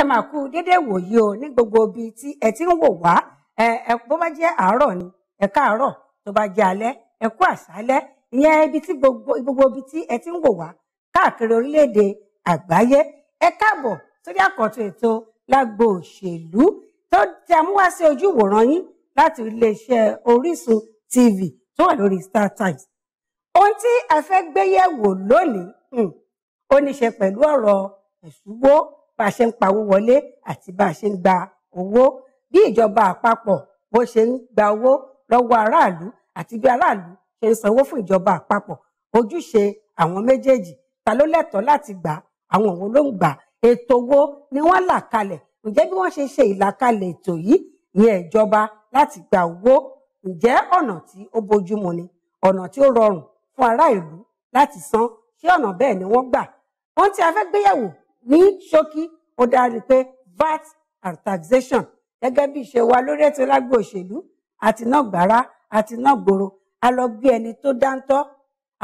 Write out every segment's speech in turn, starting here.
ẹ máa kú dédé wòyí o ní gbogbo ibi tí ẹ ti ń wò wá ẹ bó bá jẹ́ àárọ̀ ni ẹ káàárọ̀ tó bá jẹ́ alẹ́ ẹ kú àṣálẹ́ ìyẹn ibi tí gbogbo ibi tí ẹ ti ń wò wá káàkiri orílẹ̀-èdè àgbáyé ẹ káàbọ̀ sórí àkọ́tún ètò lágbo òṣèlú tó ti amúwá sí ojú ìwòran yín láti iléeṣẹ́ Orísun TV tó wà lórí StarTimes ohun tí a fẹ́ gbé yẹ̀wò lónìí hmm, ó ní ṣe pẹ̀lú ọ̀rọ̀ ẹ̀súnwó bá a ṣe ń pawó wọlé àti bá a ṣe ń gba owó bí ìjọba àpapọ̀ bó ṣe ń gba owó lọ́wọ́ aráàlú àti bí aráàlú ṣe ń sanwó fún ìjọba àpapọ̀ ojúṣe àwọn méjèèjì ta ló lẹ́tọ̀ọ́ láti gbà àwọn òun ló ń gbà ètò wo ni wọ́n là kalẹ̀ ǹjẹ́ bí wọ́n ṣe ṣe ìlàkalẹ̀ ètò yìí ìyẹn ìjọba láti gba owó ǹjẹ́ ọ̀nà tí ó bójúmu ni ọ̀nà tí ó rọrùn fún ará láti san ṣé ọ̀nà bẹ́ẹ̀ ni wọ́n gbà ohun tí a fẹ́ ní ṣókí ó dárí pé VAT and taxation gẹ́gẹ́ bí ìṣe wa lórí ètò lágbo òṣèlú àti náà gbàrà àti náà gbòòrò a lọ gbé ẹni tó dáńtọ́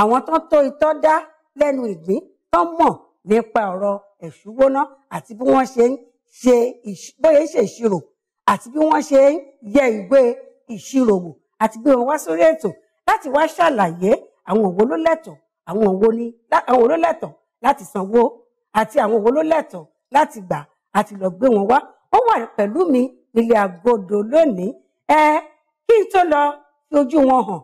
àwọn tó tó itọ́ dá lẹ́nu ìgbín tó mọ̀ nípa ọ̀rọ̀ ẹ̀ṣúgbóná àti bí wọ́n ṣe ń ṣe bóyá ṣe ìṣirò àti bí wọ́n ṣe ń yẹ ìwé ìṣirò wò àti gbé wọn wá sórí ètò láti wá ṣàlàyé àwọn òwò ló àwọn òwò ni àwọn òwò ló láti sanwó àti àwọn wo ló lẹ́tọ̀ọ́ láti gbà àti lọ gbé wọn wá ó wà pẹ̀lú mi nílé agodo lónìí ẹ kí n tó lọ fi ojú wọn hàn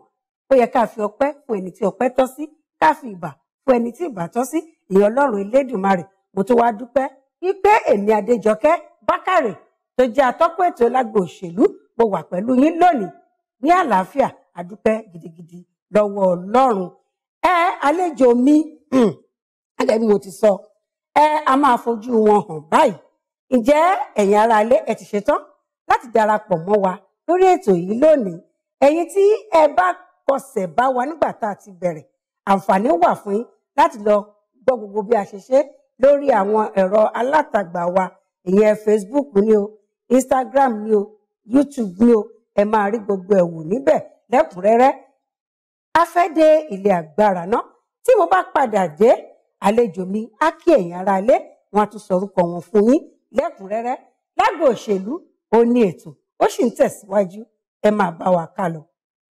ó yẹ ká fi ọpẹ́ fún ẹni tí ọpẹ́ tọ́ sí ká fi ìbà fún ẹni tí ìbà tọ́ sí ìyẹn Ọlọ́run Elédùmarè mo tó wá dúpẹ́ wípé èmi Adéjọkẹ́ Bákàrè tó jẹ́ atọ́kùn ètò lágbo òṣèlú mo wà pẹ̀lú yín lónìí ní àlàáfíà àdúpẹ́ gidigidi lọ́wọ́ Ọlọ́run ẹ àlejò mi gẹ́gẹ́ bí mo ti sọ ẹ a máa fojú wọn hàn báyìí ǹjẹ́ ẹ̀yin ará ilé ẹ ti ṣetán láti darapọ̀ mọ́ wa lórí ètò yìí lónìí ẹ̀yin tí ẹ bá kọsẹ̀ bá wa nígbà tá a ti bẹ̀rẹ̀ àǹfààní wà fún yín láti lọ gbọ́ gbogbo bí a ṣe ṣe lórí àwọn ẹ̀rọ alátagbà wa ìyẹn Facebook ni o Instagram ni o YouTube ni o ẹ máa rí gbogbo ẹ̀ wò níbẹ̀ lẹ́kùnrẹ́rẹ́ a fẹ́ dé ilé agbára náà tí mo bá padà dé àlejò mi á kí ẹ̀yin ará ilé wọn á tún sọ orúkọ wọn fún yín lẹ́kùnrẹ́rẹ́ lágbo òṣèlú ó ní ètò ó sì ń tẹ̀síwájú ẹ máa bá wa kálọ.